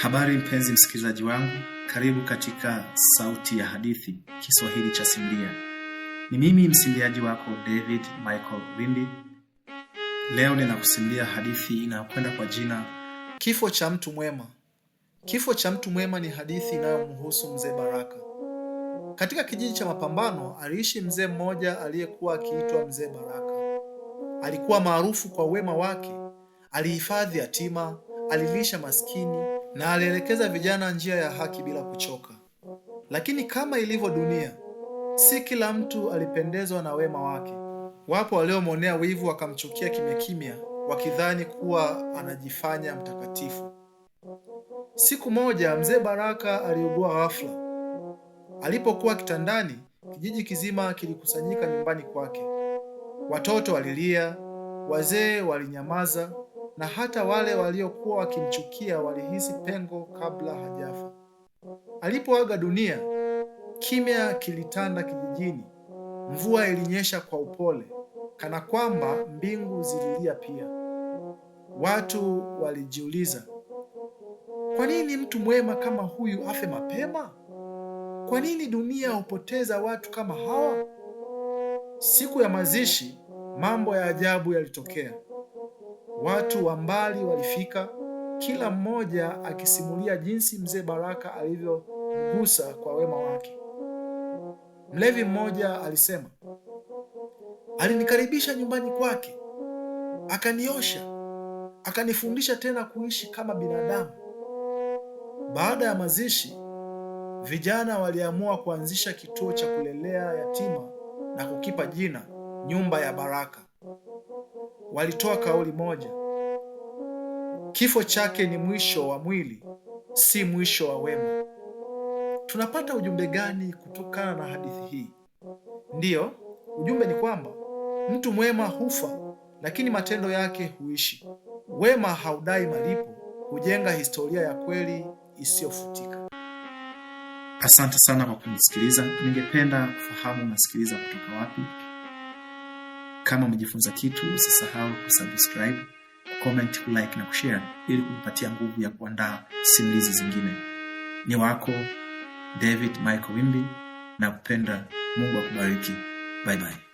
Habari mpenzi msikilizaji wangu, karibu katika Sauti ya Hadithi Kiswahili cha Simbia. Ni mimi msimbiaji wako David Michael Wimbi. Leo ninakusimbia hadithi inayokwenda kwa jina Kifo cha Mtu Mwema. Kifo cha Mtu Mwema ni hadithi inayomhusu mzee Baraka. Katika kijiji cha Mapambano aliishi mzee mmoja aliyekuwa akiitwa mzee Baraka. Alikuwa maarufu kwa wema wake, alihifadhi yatima alilisha maskini na alielekeza vijana njia ya haki bila kuchoka. Lakini kama ilivyo dunia, si kila mtu alipendezwa na wema wake. Wapo waliomwonea wivu wakamchukia kimya kimya, wakidhani kuwa anajifanya mtakatifu. Siku moja mzee Baraka aliugua ghafla. Alipokuwa kitandani, kijiji kizima kilikusanyika nyumbani kwake. Watoto walilia, wazee walinyamaza, na hata wale waliokuwa wakimchukia walihisi pengo kabla hajafa. Alipoaga dunia, kimya kilitanda kijijini. Mvua ilinyesha kwa upole, kana kwamba mbingu zililia pia. Watu walijiuliza, kwa nini mtu mwema kama huyu afe mapema? Kwa nini dunia hupoteza watu kama hawa? Siku ya mazishi, mambo ya ajabu yalitokea. Watu wa mbali walifika, kila mmoja akisimulia jinsi mzee Baraka alivyogusa kwa wema wake. Mlevi mmoja alisema, alinikaribisha nyumbani kwake, akaniosha, akanifundisha tena kuishi kama binadamu. Baada ya mazishi, vijana waliamua kuanzisha kituo cha kulelea yatima na kukipa jina Nyumba ya Baraka walitoa kauli moja: kifo chake ni mwisho wa mwili, si mwisho wa wema. Tunapata ujumbe gani kutokana na hadithi hii? Ndiyo, ujumbe ni kwamba mtu mwema hufa, lakini matendo yake huishi. Wema haudai malipo, hujenga historia ya kweli isiyofutika. Asante sana kwa kunisikiliza. Ningependa kufahamu unasikiliza kutoka wapi. Kama umejifunza kitu, usisahau kusubscribe, comment kulike na kushare ili kunipatia nguvu ya kuandaa simulizi zingine. Ni wako David Michael Wimbi na kupenda. Mungu akubariki. Bye bye.